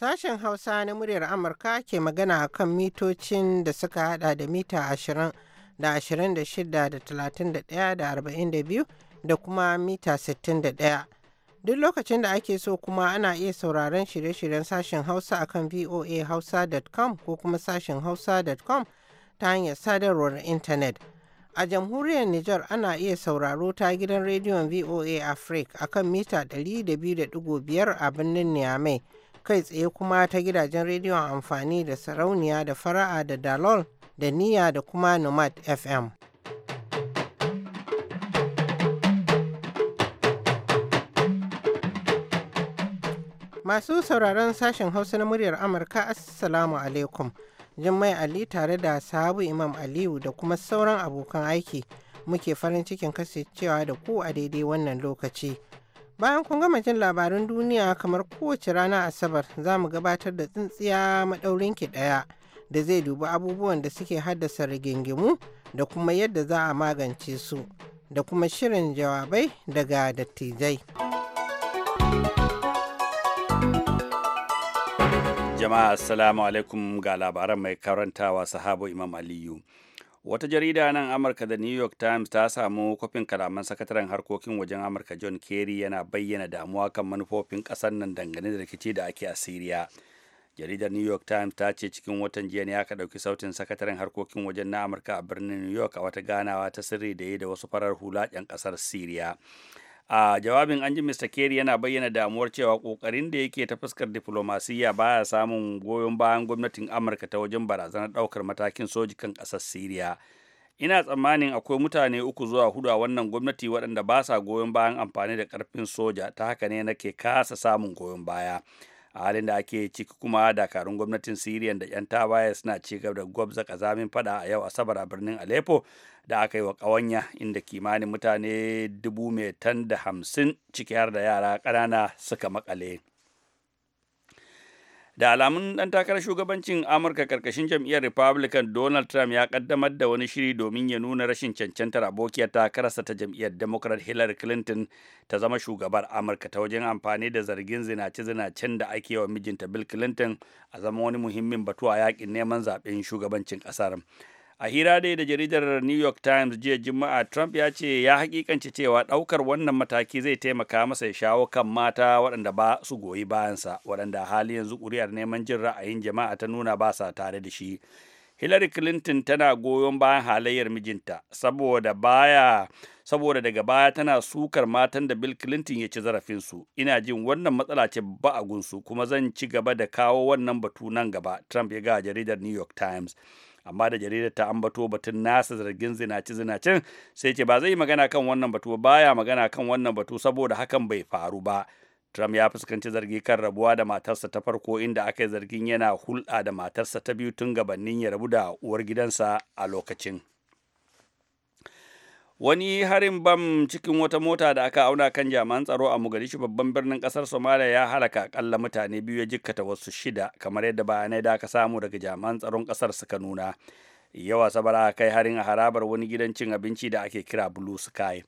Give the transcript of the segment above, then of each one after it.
Sashen Hausa na muryar Amurka ke magana a kan mitocin da suka hada da mita 20 da 26 da 31 da 42 da kuma mita 61. Duk lokacin da ake so kuma ana iya sauraron shirye-shiryen sashen Hausa a kan voahausa.com ko kuma sashen hausa.com ta hanyar sadarwar intanet. A jamhuriyar Nijar ana iya sauraro ta gidan rediyon VOA Africa a kan mita 102.5 a birnin Niamey. kai tsaye kuma ta gidajen rediyon amfani da sarauniya da fara'a da dalol da niya da kuma nomad fm masu sauraron sashen hausa na muryar amurka assalamu alaikum jummai ali tare da sabu imam aliyu da kuma sauran abokan aiki muke farin cikin kasancewa da ku a daidai wannan lokaci Bayan kun gama jin labarin duniya kamar kowace rana Asabar za mu gabatar da tsintsiya maɗaurinki ɗaya da zai dubi abubuwan da suke haddasa rigingimu da kuma yadda za a magance su da kuma shirin jawabai daga dattijai. Jama'a Assalamu alaikum ga labaran mai karantawa sahabo Imam Aliyu. wata jarida nan amurka da new york times ta samu kwafin kalaman sakataren harkokin wajen amurka john kerry yana bayyana damuwa kan manufofin ƙasar nan dangane da rikici da ake a syria jaridar new york times ta ce cikin watan jiya ne aka ɗauki sautin sakataren harkokin wajen na amurka a birnin new york a wata ganawa ta sirri da yi da wasu farar hula 'yan ƙasar syria a jawabin an ji mr kerry yana bayyana damuwar cewa kokarin da yake ta fuskar diflomasiyya baya samun goyon bayan gwamnatin amurka ta wajen barazanar daukar matakin soji kan kasar siriya ina tsammanin akwai mutane uku zuwa hudu a wannan gwamnati waɗanda ba sa goyon bayan amfani da karfin soja ta haka ne nake kasa samun goyon baya a halin da ake ciki kuma dakarun gwamnatin siriya da 'yan tawaye suna ci gaba da gwabza kazamin fada a yau asabar a birnin aleppo da aka yi wa kawanya inda kimanin mutane dubu mai tan da hamsin ciki har da yara ƙanana suka makale. da alamun dan takarar shugabancin amurka karkashin jam'iyyar republican donald trump ya kaddamar da wani shiri domin ya nuna rashin cancantar abokiyar takararsa ta jam'iyyar democrat hillary clinton ta zama shugabar amurka ta wajen amfani da zargin zinace-zinacen da ake wa mijinta bill clinton a zama wani muhimmin batu a yakin neman zaɓen shugabancin ƙasar. a hira dai da jaridar new york times jiya juma'a trump ya ce ya hakikance cewa daukar wannan mataki zai taimaka masa ya shawo kan mata waɗanda ba su goyi bayansa waɗanda hali yanzu ƙuri'ar neman jin ra'ayin jama'a ta nuna ba sa tare da shi hillary clinton tana goyon bayan halayyar mijinta saboda baya saboda daga baya tana sukar matan da bill clinton ya ci zarafinsu ina jin wannan matsala ce ba a gunsu kuma zan ci gaba da kawo wannan batu nan gaba trump ya ga jaridar new york times amma da jaridar ta ambato batun nasa zargin zinaci zinacin sai ce ba zai yi magana kan wannan batu baya magana kan wannan batu saboda hakan bai faru ba Trump ya fuskanci zargi kan rabuwa da matarsa ta farko inda aka yi zargin yana hulɗa da matarsa ta biyu tun gabanin ya rabu da uwar gidansa a lokacin. wani harin bam cikin wata mota da aka auna kan jami'an tsaro a mogadishu babban birnin kasar somalia ya halaka akalla mutane biyu ya jikkata wasu shida kamar yadda bayanai da aka samu daga jami'an tsaron kasar suka nuna yawa sabara kai harin a harabar wani gidan cin abinci da ake kira blue sky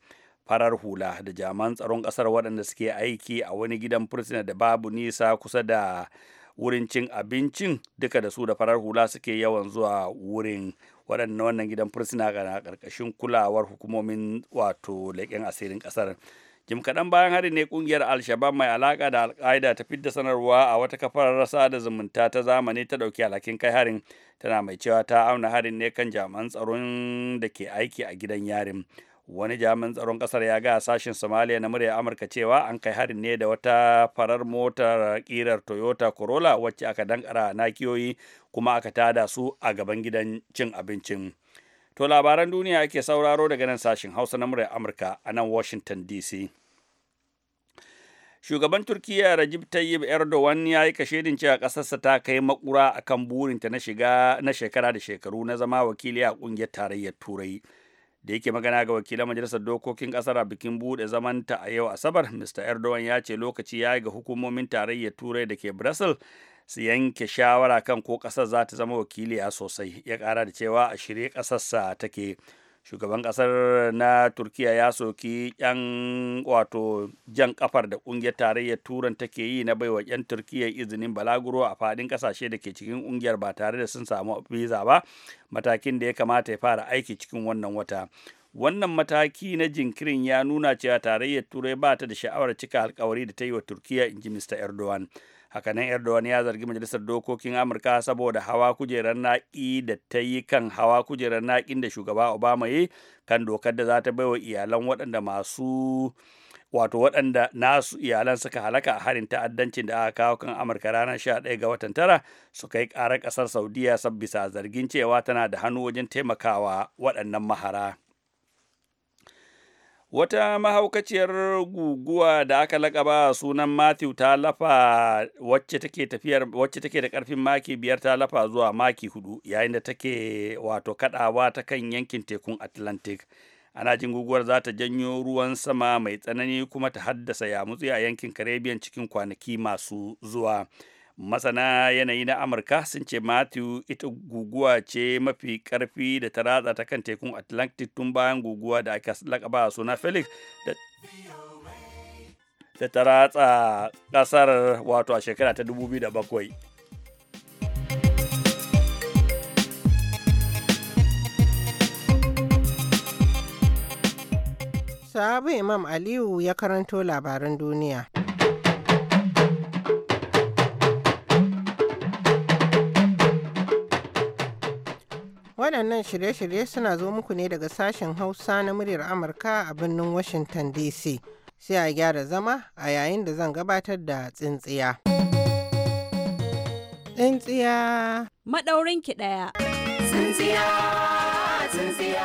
farar hula da jami'an tsaron kasar waɗanda suke aiki a wani gidan fursuna da babu nisa kusa da wurin cin abincin duka da su da farar hula suke yawan zuwa wurin waɗanda wannan gidan fursuna na ƙarƙashin kulawar hukumomin wato leƙen asirin ƙasar jim kaɗan bayan harin ne ƙungiyar al mai alaƙa da al ta fidda sanarwa a wata kafar rasa da zumunta ta zamani ta ɗauki alhakin kai harin tana mai cewa ta auna harin ne kan jami'an tsaron da ke aiki a gidan yarin wani jami'in tsaron kasar ya ga sashen somalia na murya amurka cewa an kai harin ne da wata farar motar kirar toyota corolla wacce aka dankara nakiyoyi kuma aka tada su a gaban gidan cin abincin to labaran duniya ake sauraro daga nan sashen hausa na murya amurka a nan washington dc shugaban turkiya rajib tayyip erdogan ya yi kashedin cewa ƙasarsa ta kai makura akan burinta na shiga na shekara da shekaru na zama wakili a ƙungiyar tarayyar turai da yake magana ga wakilan majalisar dokokin kasar a bikin bude zamanta a yau asabar mr erdogan ya ce lokaci ya yi ga hukumomin tarayyar turai da ke brussels su yanke shawara kan ko kasar za ta zama wakiliya sosai ya kara da cewa a shirye kasarsa take shugaban kasar na turkiya ya soki yan wato jan kafar da kungiyar tarayyar turan take yi na baiwa yan turkiya izinin balaguro a fadin kasashe da ke cikin kungiyar ba tare da sun samu visa ba matakin da ya kamata ya fara aiki cikin wannan wata wannan mataki na jinkirin ya nuna cewa tarayyar turai ba ta da sha'awar cika alkawari da ta yi wa turkiya in ji mr erdogan hakanan erdogan ya zargi majalisar dokokin amurka saboda hawa kujerar naƙi da ta yi kan hawa kujerar naƙin da shugaba obama yi kan dokar da za ta baiwa iyalan waɗanda masu wato waɗanda nasu iyalan suka halaka a harin ta'addancin da aka kawo kan amurka ranar 11 ga watan tara su kai ƙarar ƙasar saudiya bisa zargin cewa tana da hannu wajen taimakawa waɗannan mahara. wata mahaukaciyar guguwa da aka lakaba sunan matthew ta lafa wacce take da karfin maki biyar ta lafa zuwa maki hudu yayin da take wato kadawa ta kan yankin tekun atlantic ana jin guguwar za ta janyo ruwan sama mai tsanani kuma ta haddasa yamutsi a yankin caribbean cikin kwanaki masu zuwa masana yanayi na amurka sun ce matthew ita guguwa ce mafi karfi da ta ratsa ta kan tekun atlantic tun bayan guguwa da aka lakaba suna felix da da ta ratsa kasar wato a shekara ta 2007 Sabu Imam Aliyu ya karanto labaran duniya. Waɗannan shirye-shirye suna zo muku ne daga sashen Hausa na muryar Amurka a birnin Washington DC. Sai a gyara zama a yayin da zan gabatar da tsintsiya. Tsintsiya. ki ɗaya. Tsintsiya, tsintsiya,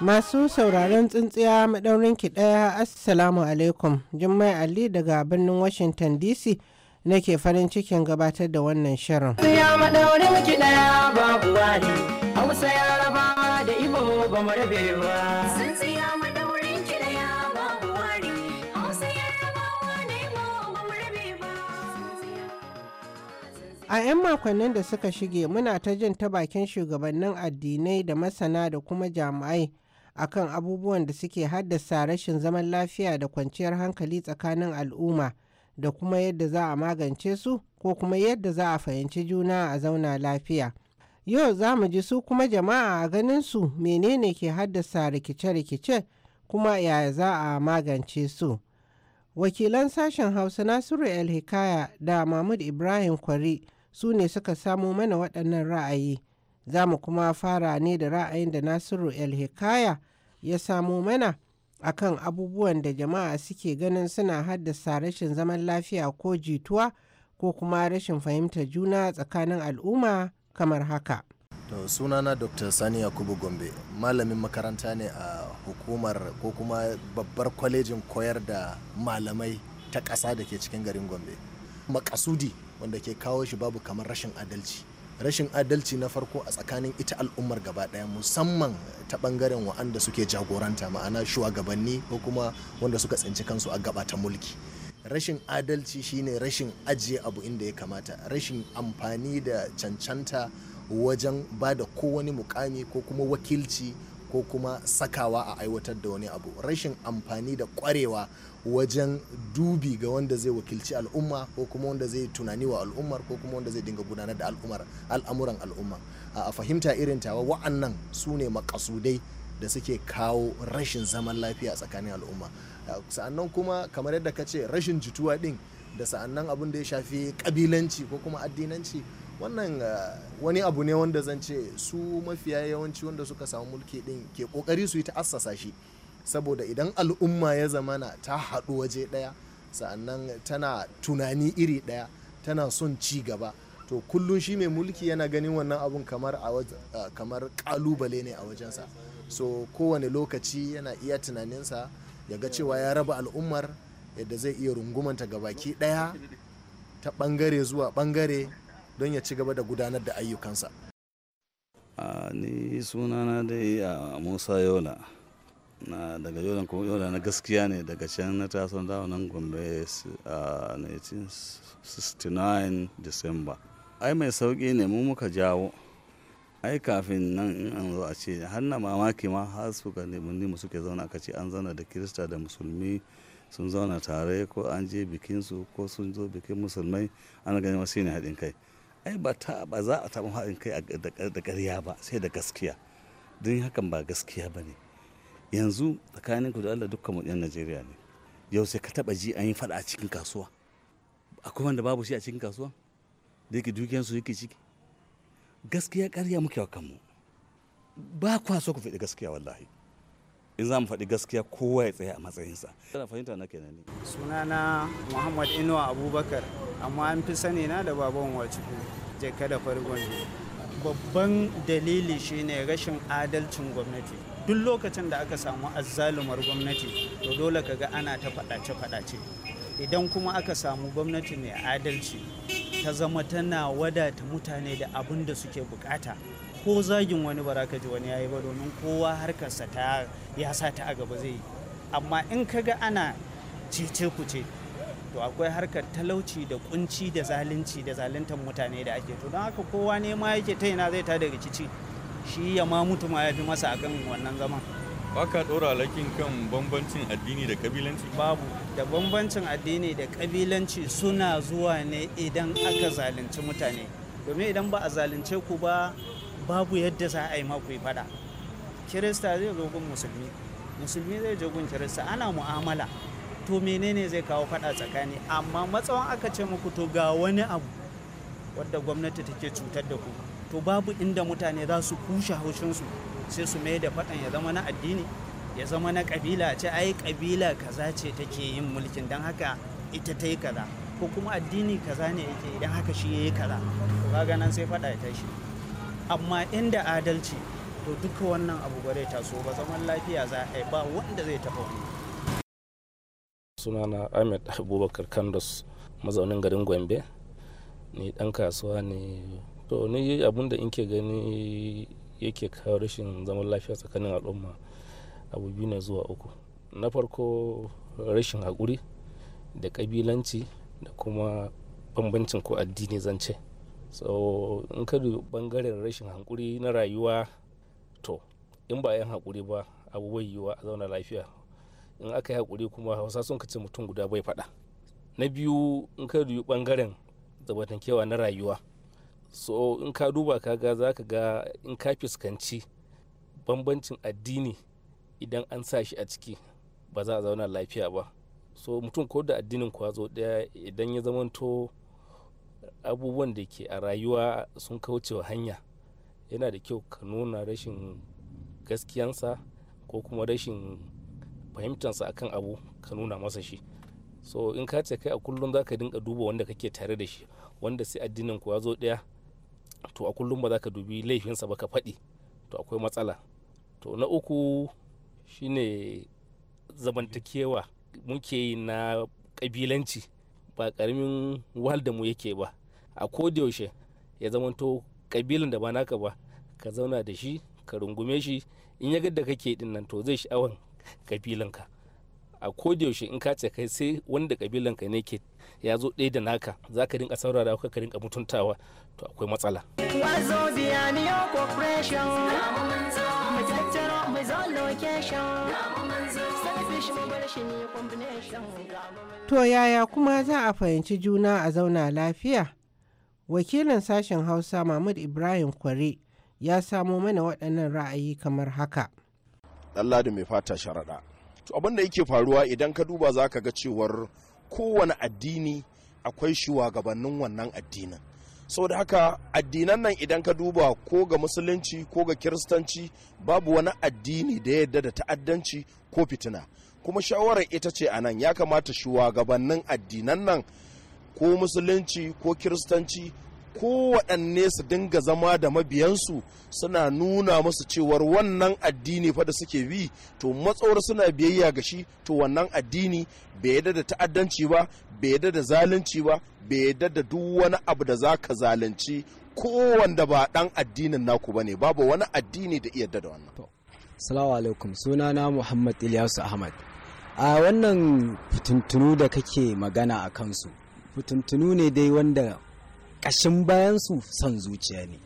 Masu sauraron tsintsiya maɗaurin maɗaurinki ɗaya, Assalamu alaikum. Jummai Ali daga birnin Washington DC. nake farin cikin gabatar da wannan shirin. Ya maɗaurin babu wani, Hausa raba da Ibo ba mu rabe ba. A 'yan makonnin da suka shige muna ta jin ta bakin shugabannin addinai da masana da kuma jami'ai akan abubuwan da suke haddasa rashin zaman lafiya da kwanciyar hankali tsakanin al'umma. da kuma yadda za a magance su ko kuma yadda za a fahimci juna a zauna lafiya. Yau za mu ji su kuma jama'a a ganin su menene ke haddasa rikice-rikice kuma yaya za a magance su. Wakilan sashen Hausa Nasiru El Hikaya da Mahmud Ibrahim Kwari su ne suka samo mana waɗannan ra'ayi. Za mu kuma fara ne da ra'ayin da Nasiru El Hikaya ya samo mana. akan abubuwan da jama'a suke ganin suna haddasa rashin zaman lafiya ko jituwa ko kuma rashin fahimtar juna tsakanin al'umma kamar haka. sunana Dr. Sani Yakubu Gombe malamin makaranta ne a hukumar ko kuma babbar kwalejin koyar da malamai ta ƙasa da ke cikin garin Gombe. Makasudi wanda ke kawo shi babu kamar rashin adalci. rashin adalci na farko a tsakanin ita al'ummar gaba daya musamman ta bangaren wa'anda suke jagoranta ma'ana shugabanni ko kuma wanda suka tsinci kansu a gaba ta mulki rashin adalci shine rashin ajiye abu inda ya kamata rashin amfani da cancanta wajen ba da kowane mukami ko kuma wakilci ko kuma sakawa a aiwatar da wani abu rashin amfani da kwarewa wajen dubi ga wanda zai wakilci al'umma ko kuma wanda zai tunani wa al'ummar ko kuma wanda zai dinga gudanar da al'ummar al'amuran al'umma a fahimta irin tawa wa'annan su ne makasudai da suke kawo rashin zaman lafiya tsakanin al'umma sa'annan kuma kamar yadda ka ce rashin jituwa din da sa'annan abin da ya shafi kabilanci ko kuma addinanci wannan ah, wani abu ne wanda zan ce su mafiya yawanci wanda suka samu mulki din ke kokari su yi ta assasa shi saboda idan al'umma ya zamana ta haɗu waje ɗaya sa'annan tana tunani iri ɗaya tana son ci gaba to kullum shi mai mulki yana ganin wannan abun kamar ah, kamar kalubale ne a wajensa so kowane lokaci yana iya tunaninsa ya ga cewa ya raba al'ummar yadda zai iya rungumanta gabaki ɗaya ta ɓangare zuwa ɓangare don ya ci gaba da gudanar da ayyukansa a ni sunana dai a musa yola na daga yola kuma yola na gaskiya ne daga can na taso dawo nan gombe a 1969 december ai mai sauki ne mu muka jawo ai kafin nan in an zo a ce har na mamaki ma har suka nemi mu suke zauna aka ce an zauna da kirista da musulmi sun zauna tare ko an je bikinsu ko sun zo bikin musulmai an gani wasu ne haɗin kai ai ba ta ba za a taɓa haɗin kai da ƙarya ba sai da gaskiya don hakan ba gaskiya ba ne yanzu tsakanin ku da Allah dukkan mu ɗan Najeriya ne yau sai ka taɓa ji an yi faɗa a cikin kasuwa akwai wanda babu shi a cikin kasuwa da yake su yake ciki gaskiya ƙarya muke wa kanmu ba kwa so ku faɗi gaskiya wallahi in za mu faɗi gaskiya kowa ya tsaya a matsayinsa. sa. na Sunana Muhammad Inuwa Abubakar amma an fi sani na da baban waciku jaka da fargon babban dalili shine rashin adalcin gwamnati duk lokacin da aka samu azzalumar gwamnati to dole ka ga ana ta fadace-fadace idan kuma aka samu gwamnati mai adalci ta zama tana wadata mutane da abin da suke bukata ko zagin wani ba wani ji wani yayi ba domin kowa harkarsa ta ya sa ta a gaba zai yi amma in kaga ana cece kuce to akwai harkar talauci da kunci da zalunci da zaluntar mutane da ake to don haka kowa ne ma yake ta yana zai ta da rikici shi ya ma mutu ma ya fi masa akan wannan zaman baka ɗora alakin kan bambancin addini da kabilanci babu da bambancin addini da kabilanci suna zuwa ne idan aka zalunci mutane domin idan ba a zalunce ku ba babu yadda za a yi maku fada kirista zai zo gun musulmi musulmi zai je gun kirista ana mu'amala to menene zai kawo fada tsakani amma matsawan aka ce muku to ga wani abu wadda gwamnati take cutar da ku to babu inda mutane za su kushe haushinsu sai su mai da fadan ya zama na addini ya zama na kabila ce ai kabila kaza ce take yin mulkin don haka ita ta yi kaza ko kuma addini kaza ne yake idan haka shi ya yi kaza to kaga nan sai fada ya tashi amma inda adalci to duka wannan abu ba zai taso ba zaman lafiya za a yi ba wanda zai taɓa wani sunana ahmed abubakar kandos mazaunin garin gombe ni dan kasuwa ne to ni abun da in ke gani yake kawo rashin zaman lafiya tsakanin al'umma abu biyu ne zuwa uku na farko rashin haƙuri da ƙabilanci da kuma bambancin ko addini zance so in ka bangaren rashin haƙuri na rayuwa to in ba yan haƙuri ba abubuwan yiwuwa a zauna lafiya in aka yi hakuri kuma hausa sun kace mutum guda bai faɗa na biyu in ka dubi ɓangaren zabatankewa na rayuwa so in ka duba ka ga za ka ga in ka fuskanci bambancin addini idan an sa shi a ciki ba za a zauna lafiya ba so mutum ko da addinin kwazo ɗaya idan ya zamanto abubuwan da ke a rayuwa sun kaucewa hanya yana da kyau ka nuna rashin gaskiyansa ko kuma rashin fahimtansa akan abu ka nuna masa shi so in ka ce kai a kullum za ka dinga duba wanda kake tare da shi wanda sai addinin ku ya zo ɗaya to a kullum ba za ka dubi laifinsa ba ka faɗi to akwai matsala to na uku shine zamantakewa muke yi na kabilanci ba ƙaramin wahal da mu yake ba a yaushe ya zamanto kabilan da ba naka ba ka zauna da shi ka rungume shi in ya ga da kake din nan to zai sha'awan kabilanka a kodiyaushe in ka kai sai wanda kabilanka ne ke ya zo ɗaya da naka za ka rinka saurara ka rinka mutuntawa to akwai matsala. To yaya kuma za a fahimci juna a zauna lafiya? Wakilin sashen Hausa Mahmud Ibrahim Kware ya samo mana waɗannan ra'ayi kamar haka. ɗanladi mai fata sharaɗa to abin da yake faruwa idan ka duba za ka ga cewar kowane addini akwai shugabannin wannan addinin saboda haka addinan nan idan ka duba ko ga musulunci ko ga kiristanci babu wani addini da yadda da ta'addanci ko fitina kuma shawarar ita ce a nan ya kamata shugabannin addinan nan ko musulunci ko kiristanci kowaɗanne su dinga zama da mabiyansu suna nuna musu cewar wannan addini fa suke bi to matsawar suna biyayya ga shi to wannan addini bai yadda da ta'addanci ba bai yadda da zalunci ba bai yadda da duk wani abu da za ka zalunci kowanda ba ɗan addinin naku ba ne babu wani addini da iya da wannan. Salamu alaikum sunana Muhammad Ilyasu Ahmad. A wannan fitintunu da kake magana a kansu, fitintunu ne dai wanda ƙashin bayan su son zuciya ne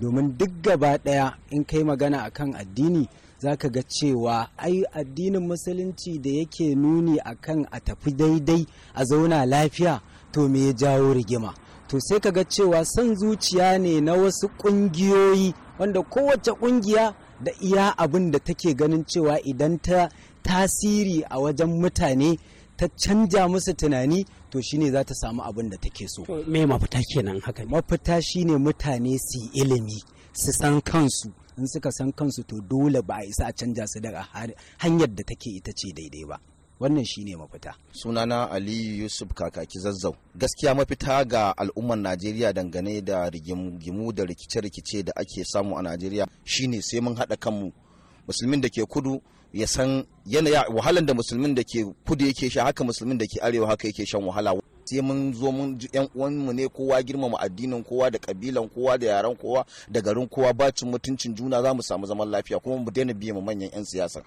domin duk gaba ɗaya in kai magana akan addini za ka ga cewa ai addinin musulunci da yake nuni akan a tafi daidai a zauna lafiya to me ya jawo rigima to sai ka ga cewa son zuciya ne na wasu ƙungiyoyi wanda kowace ƙungiya da iya abin da take ganin cewa idan ta tasiri a wajen mutane ta canja musu tunani to shine za ta samu abin da take so me mafita kenan haka mafita shine mutane su yi ilimi su san kansu in suka san kansu to dole ba a isa a canja su daga hanyar da take ita ce daidai ba wannan shine mafita sunana aliyu yusuf kakaki zazzau gaskiya mafita ga al'ummar najeriya dangane da rigimu da rikice-rikice da ake samu a najeriya shine sai mun haɗa kanmu musulmin da ke kudu ya san yanayi wahalar da musulmin da ke kudu yake sha haka musulmin da ke arewa haka yake shan wahala sai mun zo mun ji yan uwanmu ne kowa girmama addinin kowa da kabilan kowa da yaran kowa da garin kowa bacin mutuncin juna za mu samu zaman lafiya kuma mu daina biye mu manyan yan siyasa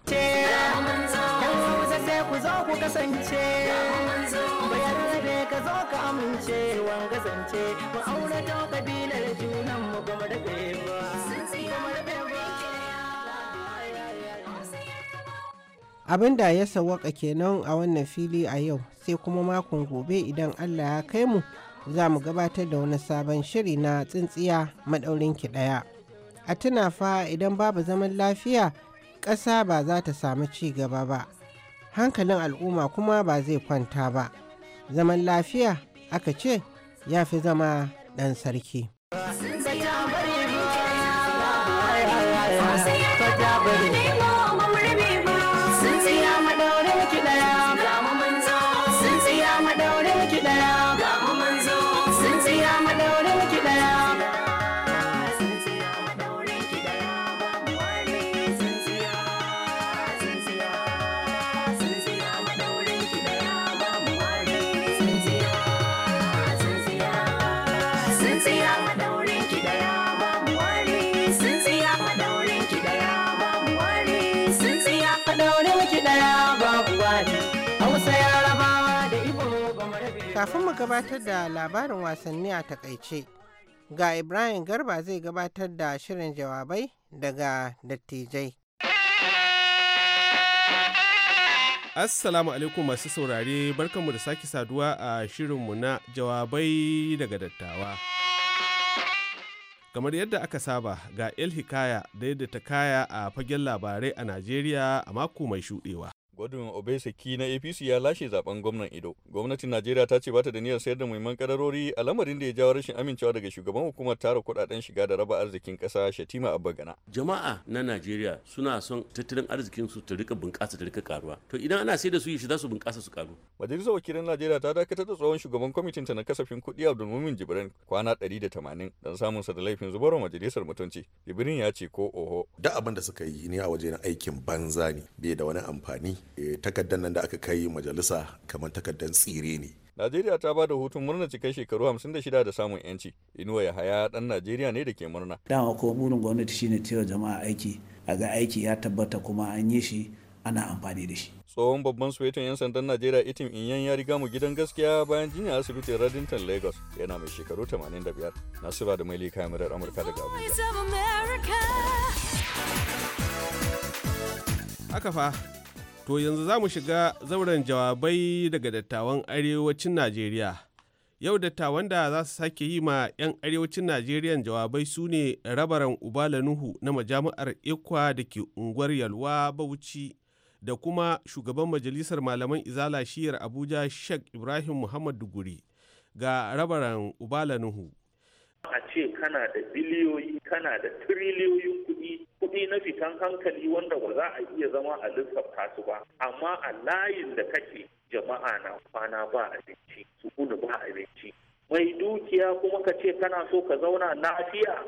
abin da ya sawaka kenan a wannan fili a yau sai kuma makon gobe idan allah ya kai mu za mu gabatar da wani sabon shiri na tsintsiya maɗaurin ki ɗaya a tuna fa idan babu zaman lafiya ƙasa ba za ta samu ci gaba ba hankalin al'umma kuma ba zai kwanta ba zaman lafiya aka ce ya fi zama ɗan sarki Thank you. Kafin mu gabatar da labarin wasanni a takaice, ga Ibrahim Garba zai gabatar da shirin jawabai daga dattijai. Assalamu alaikum masu saurare barkanmu da sake saduwa a shirinmu na jawabai daga dattawa. Kamar yadda aka saba ga ilhikaya Hikaya da yadda ta kaya a fagen labarai a Najeriya a mako mai shuɗewa. Godwin Obeseki na APC ya lashe zaben gwamnan Ido. Gwamnatin Najeriya ta ce bata da niyyar sayar da muhimman kadarori a lamarin da ya jawo rashin amincewa daga shugaban hukumar tara kudaden shiga da raba arzikin kasa Shatima Abbagana. Jama'a na Najeriya suna son tattalin arzikin su ta rika bunƙasa ta rika karuwa. To idan ana sayar da su yi shi za su bunƙasa su karu. Majalisar wakilan Najeriya ta dakatar da tsohon shugaban kwamitin ta na kasafin kuɗi Abdulmumin Jibrin kwana 180 don samun sa da laifin zubarwa majalisar mutunci. Jibrin ya ce ko oho. Da abin da suka yi ne a wajen aikin banza ne bai da wani amfani Eh, takardar nan da aka kai majalisa kamar takardar tsire ne Najeriya ta ba da hutun murna cikin shekaru 56 da samun yanci. Inuwa ya haya dan Najeriya ne da ke murna. Dama ko burin gwamnati shine cewa jama'a aiki a ga aiki ya tabbata kuma an yi shi ana amfani da shi. Tsohon babban suwetin 'yan sandan Najeriya Itim Inyan ya riga mu gidan gaskiya bayan jinya asibitin Radinton Lagos yana mai shekaru 85. siba da mai Maili kamarar Amurka daga Abuja. Haka fa To yanzu za mu shiga zauren jawabai daga dattawan arewacin Najeriya. Yau dattawan da za su sake yi ma 'yan arewacin Najeriya jawabai su ne rabaran Ubala Nuhu na majami'ar Ikwa da ke unguwar Yalwa Bauchi da kuma shugaban majalisar malaman Izala shiyar Abuja Sheikh Ibrahim Muhammad Duguri ga rabaran Ubala Nuhu. A ce kana da biliyoyi kana da triliyoyin kuɗi kuɗi na fitan hankali wanda ba za a iya zama a lissafta su ba amma a layin da kake jama'a na kwana ba abinci su ba abinci mai dukiya kuma ka ce kana so ka zauna lafiya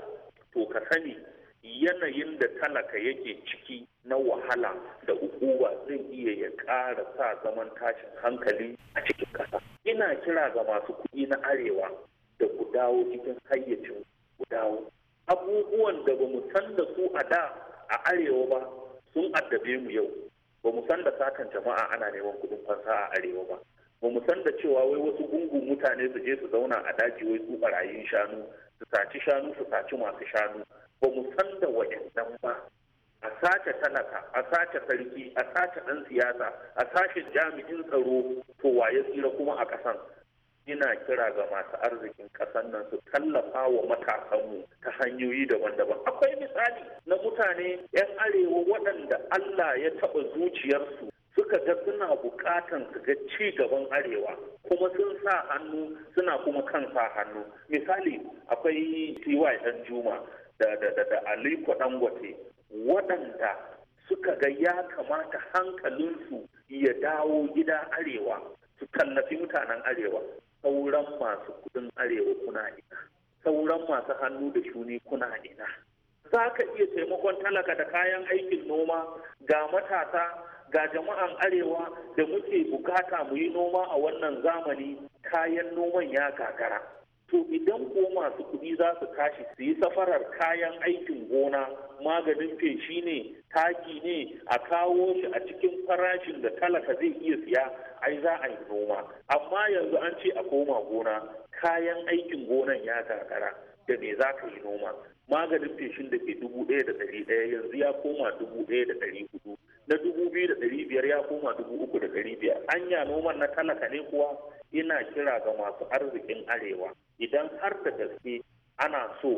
to ka sani yanayin da talaka yake ciki na wahala da ukuwa zai iya ya ƙara sa zaman tashin hankali a cikin ƙasa ina kira ga masu kuɗi na arewa da ku dawo cikin hayyacin ku dawo abubuwan da ba mu san da su a da a arewa ba sun addabe mu yau ba mu san da satan jama'a ana neman kudin fansa a arewa ba ba mu san da cewa wai wasu gungun mutane su je su zauna a daji wai su barayin shanu su saci shanu su saci masu shanu ba mu san da waɗannan ba a sace talaka a sace sarki a sace ɗan siyasa a sashen jami'in tsaro to waye tsira kuma a ƙasan ina kira ga masu arzikin ƙasar nan su tallafa wa matasanmu ta hanyoyi daban-daban akwai misali na mutane 'yan arewa waɗanda allah ya taɓa zuciyarsu suka ga suna bukatan su ga ci gaban arewa kuma sun sa hannu suna kuma kan sa hannu misali akwai ty dan juma da da da da aliko dangote waɗanda suka ga ya kamata hankalinsu ya dawo gida arewa su tallafi mutanen arewa sauran masu kudin arewa kuna ina sauran masu hannu da shuni kuna ina za ka iya taimakon talaka da kayan aikin noma ga matasa ga jama'an arewa da muke bukata mu yi noma a wannan zamani kayan noman ya gagara to idan ko masu kuɗi za su tashi su yi safarar kayan aikin gona maganin feshi ne taki ne a kawo shi a cikin farashin da talaka zai iya siya ai za a yi noma amma yanzu an ce a koma gona kayan aikin gonan ya gagara da me za ka yi noma maganin feshin da ke dubu ɗaya da ɗari ɗaya yanzu ya koma dubu ɗaya da ɗari hudu na dubu biyu da ɗari biyar ya koma dubu uku da ɗari biyar anya noman na talaka ne kuwa ina kira ga masu arzikin arewa idan har da gaske ana so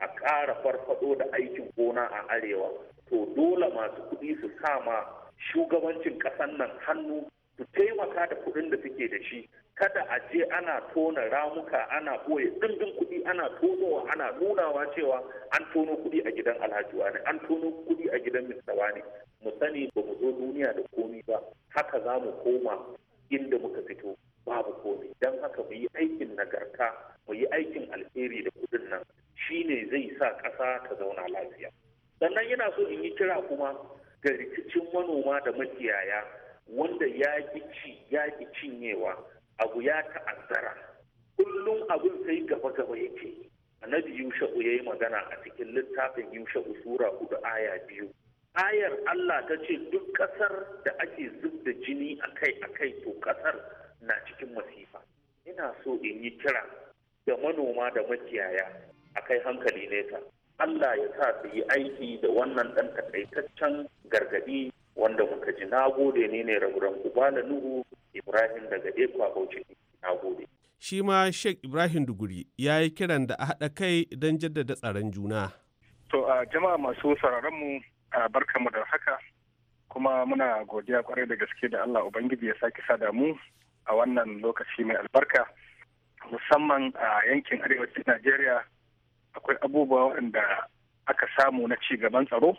a ƙara farfaɗo da aikin gona a arewa to dole masu kuɗi su kama shugabancin ƙasan nan hannu su taimaka da kuɗin da suke da shi kada a je ana tona ramuka ana ɓoye ɗimbin kuɗi ana tonowa ana nunawa cewa an tono kuɗi a gidan alhaji wani an tono kuɗi a gidan mista wani mu sani ba mu zo duniya da komi ba haka za mu koma inda muka fito babu komi don haka mu yi aikin nagarta mu yi aikin alheri da kudin nan Shi ne zai sa ƙasa ta zauna lafiya sannan yana so in yi kira kuma ga rikicin manoma da makiyaya wanda ya ci ya cinyewa abu ya ta'azzara kullum abin sai gaba gaba yake annabi yusha'u ya yi magana a cikin littafin yusha'u sura hudu aya biyu ayar Allah ta ce duk ƙasar da ake zub da jini akai akai to ƙasar na cikin masifa ina so in yi kira da manoma da makiyaya a kai hankali nesa Allah ya sa su yi aiki da wannan ɗan takaitaccen gargaɗi wanda muka ji na gode ne ne kuba kubala nuhu ibrahim daga ekwa bauchi na gode shi ma sheikh ibrahim duguri ya yi kiran da a haɗa kai don jaddada tsaron juna to a jama'a masu mu a mu da haka kuma muna godiya kwarai da gaske da allah ubangiji ya sake sada mu a wannan lokaci mai albarka musamman a yankin arewacin najeriya akwai abubuwa waɗanda aka samu na ci gaban tsaro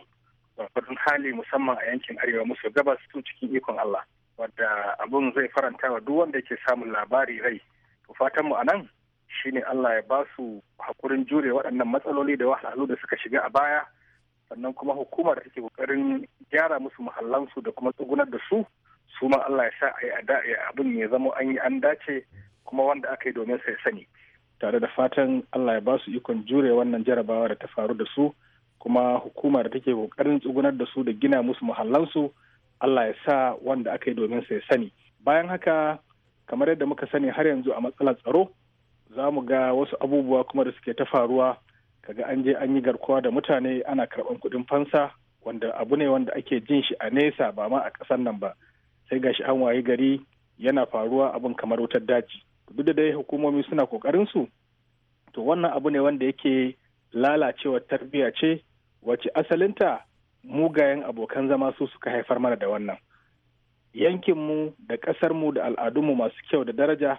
babban hali musamman a yankin arewa musu gabas su cikin ikon allah wadda abun zai faranta wa duk wanda yake samun labari rai to fatan mu anan shine allah ya ba su hakurin jure waɗannan matsaloli da wahalhalu da suka shiga a baya sannan kuma hukumar da take kokarin gyara musu mahallansu da kuma tsugunar da su su ma Allah ya sa a yi abin ya zama an yi an dace kuma wanda aka yi domin sai sani tare da fatan allah ya ba su ikon jure wannan jarabawa da ta faru da su kuma hukumar da take kokarin tsugunar da su da gina musu muhallansu allah ya sa wanda aka yi domin sai sani bayan haka kamar yadda muka sani har yanzu a matsalar tsaro za mu ga wasu abubuwa kuma da suke ta faruwa kaga an je an yi garkuwa da mutane ana karɓan kuɗin fansa wanda abu ne wanda ake jin shi a nesa ba ma a ƙasar nan ba sai gashi an wayi gari yana faruwa abin kamar wutar daji duk da dai hukumomi suna kokarin su to wannan abu ne wanda yake lalacewar tarbiyya ce wace asalinta mugayen abokan zama su suka haifar mana da wannan yankinmu da ƙasarmu da al'adunmu masu kyau da daraja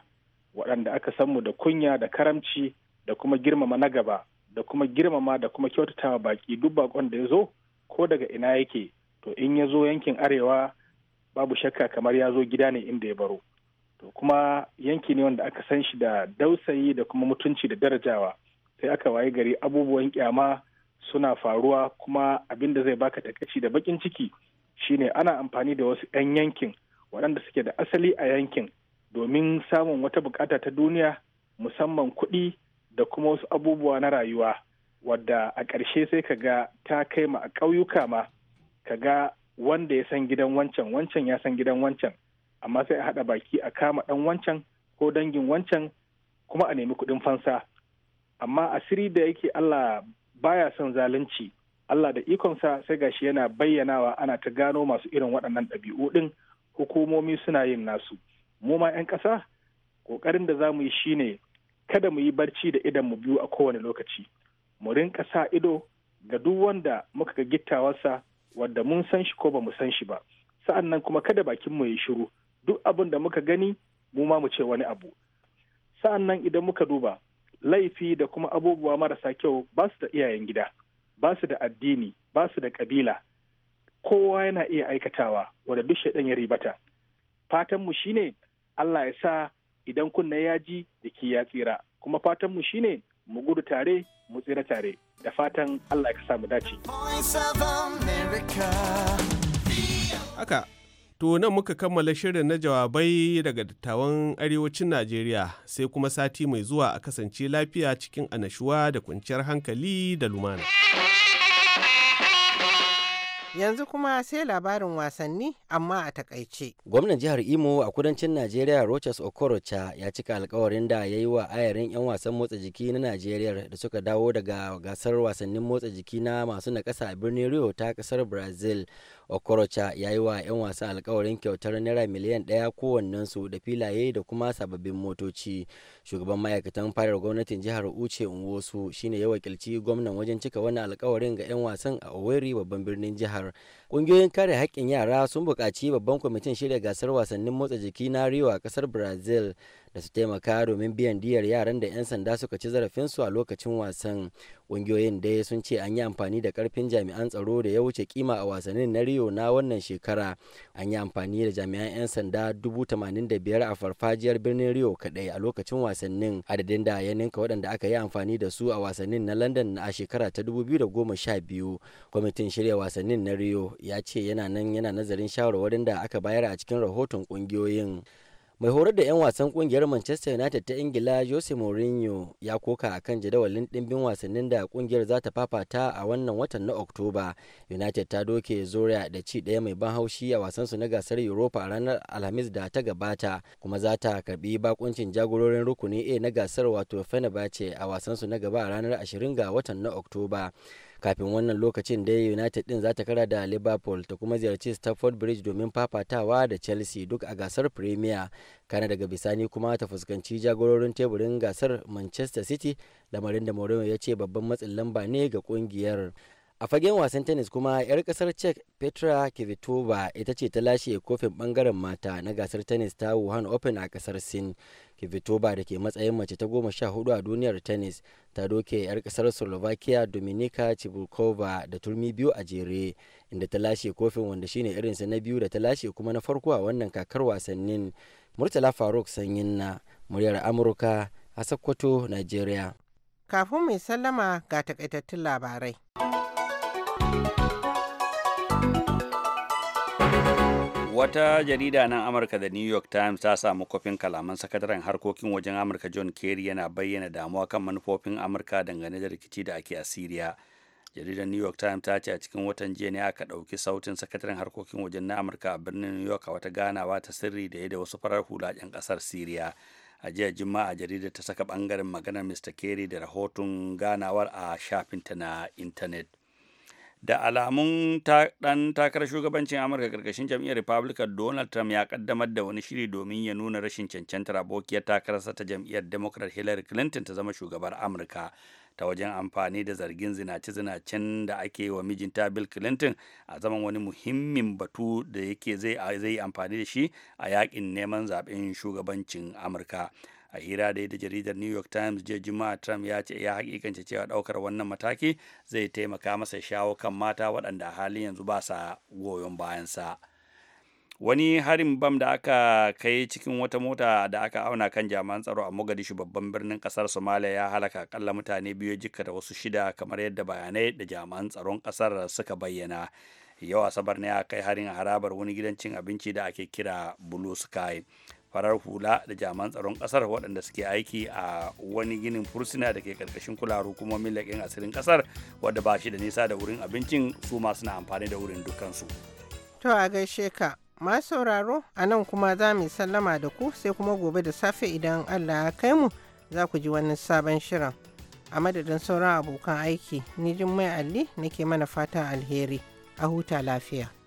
waɗanda aka san mu da kunya da karamci da kuma girmama na gaba da kuma girmama da kuma kyautatawa baki duk bakon da ya zo ko daga ina yake to in ya zo yankin arewa babu shakka kamar ya zo gida ne inda ya baro to kuma yanki ne wanda aka san shi da dausayi da kuma mutunci da darajawa sai aka waye gari abubuwan kyama suna faruwa kuma abin da zai baka takaici da bakin ciki shine ana amfani da wasu 'yan yankin waɗanda suke da asali a yankin domin samun wata bukata ta duniya musamman kuɗi da kuma wasu abubuwa na rayuwa wadda a ƙarshe sai ka ga ta kai ma a ƙauyuka ma ka ga wanda ya san gidan wancan wancan ya san gidan wancan amma sai a haɗa baki a kama ɗan wancan ko dangin wancan kuma a nemi kuɗin fansa amma asiri da yake Allah baya son zalunci Allah da ikonsa sai gashi yana bayyanawa ana ta gano masu irin waɗannan ɗabi'u ɗin hukumomi suna yin nasu mu ma 'yan ƙasa ƙoƙarin da za mu yi shine kada mu yi barci da idan mu biyu a kowane lokaci mu rinka sa ido ga duk wanda muka ga gittawarsa wanda mun san shi ko ba mu san shi ba sa'an nan kuma kada bakin mu yi shiru duk abin da muka gani mu ma mu ce wani abu sa'an nan idan muka duba laifi da kuma abubuwa marasa kyau ba su da iyayen gida ba su da addini ba su da kabila kowa yana iya aikatawa wanda duk shaidan ya ribata mu shine allah ya sa idan kunna ya ji jiki ya tsira kuma fatan mu shine mu gudu tare mu tsira tare da fatan allah ya sa mu dace haka To nan muka kammala shirin na jawabai daga dattawan arewacin Najeriya sai kuma sati mai zuwa a kasance lafiya cikin anashuwa da kwanciyar hankali da lumana. Yanzu kuma sai labarin wasanni amma a takaice. Gwamnan jihar Imo a kudancin Najeriya Rochas Okorocha ya cika alkawarin da ya yi wa ayarin 'yan wasan motsa jiki na Najeriya da suka dawo daga gasar wasannin motsa jiki na masu nakasa a birnin Rio ta kasar Brazil. okorocha ya yi wa 'yan wasa alkawarin kyautar naira miliyan ɗaya kowannensu da filaye da kuma sababbin motoci shugaban ma'aikatan farar gwamnatin jihar uche nwosu shine ya wakilci gwamnan wajen cika wani alkawarin ga 'yan wasan a oweri babban birnin jihar ƙungiyoyin kare haƙƙin yara sun buƙaci babban kwamitin shirya gasar wasannin motsa jiki na rio a ƙasar brazil da su taimaka domin biyan diyar yaran da 'yan sanda suka ci zarafinsu a lokacin wasan ƙungiyoyin dai sun ce an yi amfani da karfin jami'an tsaro da ya wuce kima a wasannin na rio na wannan shekara an yi amfani da jami'an 'yan sanda 85,000 a farfajiyar birnin rio kaɗai a lokacin wasannin adadin da ya ninka waɗanda aka yi amfani da su a wasannin na london a shekara ta 2012 kwamitin shirya wasannin na rio ya ce yana nan yana nazarin shawarwarin da aka bayar a cikin rahoton ƙungiyoyin mai horar da 'yan wasan kungiyar manchester united ta ingila jose mourinho ya koka kan jadawalin ɗimbin wasannin da kungiyar za ta fafata a wannan watan na oktoba united ta doke zoria da ci ɗaya mai ban haushi a wasansu na gasar europa a ranar alhamis da ta gabata kuma za ta karbi bakuncin jagororin rukuni a na gasar wato fenerbahce a wasansu na gaba a ranar 20 ga watan na oktoba kafin wannan lokacin dai united din zata kara da liverpool ta kuma ziyarci stafford bridge domin fafatawa da chelsea duk a gasar premier kana daga bisani kuma ta fuskanci jagororin teburin gasar manchester city lamarin da mourinho ya ce babban matsin lamba ne ga kungiyar a fagen wasan tennis kuma 'yar kasar czech petra kvitova ita ce ta lashe kofin bangaren mata na gasar tennis ta wuhan open a kasar sin Kvitova da ke matsayin mace ta goma sha hudu a duniyar tennis ta doke 'yar kasar Slovakia Dominika Cibulkova da turmi biyu a jere inda ta lashe kofin wanda shine irinsa na biyu da ta lashe kuma na farko a wannan kakar wasannin. Murtala Faruk Sanyin na muryar Amurka a Sokoto, Nigeria. Kafin mai sallama ga takaitattun labarai. wata jarida nan amurka da new york times ta samu kofin kalaman sakataren harkokin wajen amurka john kerry yana bayyana damuwa kan manufofin amurka dangane da rikici da ake a syria jaridar new york times ta ce a cikin watan jiya ne aka ɗauki sautin sakataren harkokin wajen na amurka a birnin new york a wata ganawa ta sirri da ya da wasu farar hula 'yan ƙasar syria a jiya juma'a jaridar ta saka ɓangaren maganar mr kerry da rahoton ganawar a shafinta na intanet da alamun dan takarar shugabancin amurka karkashin jam'iyyar republican donald trump ya kaddamar da wani shiri domin ya nuna rashin cancantar abokiyar takararsa ta jam'iyyar democrat hillary clinton ta zama shugabar amurka ta wajen amfani da zargin zinace-zinacen da ake wa mijinta bill clinton a zaman wani muhimmin batu da yake zai amfani da shi a yakin neman zaben shugabancin amurka a hira da da jaridar new york times jiya juma'a trump ya ce ya hakikance cewa daukar wannan mataki zai taimaka masa shawo kan mata waɗanda halin yanzu ba sa goyon bayansa. sa wani harin bam da aka kai cikin wata mota da aka auna kan jami'an tsaro a mogadishu babban birnin kasar somalia ya halaka akalla mutane biyu jika da wasu shida kamar yadda bayanai da jami'an tsaron kasar suka bayyana yau asabar ne aka kai harin harabar wani gidan cin abinci da ake kira blue sky farar hula da jami'an tsaron kasar waɗanda suke aiki a wani ginin fursuna da ke karkashin kula hukumomin laƙin asirin kasar wadda ba shi da nisa da wurin abincin su ma suna amfani da wurin dukansu. To a gaishe ka. masu sauraro a nan kuma za mu sallama da ku sai kuma gobe da safe idan allah ya kai mu za ku ji wani sabon shirin a madadin sauran abokan aiki ni jin mai alli nake mana fatan alheri a huta lafiya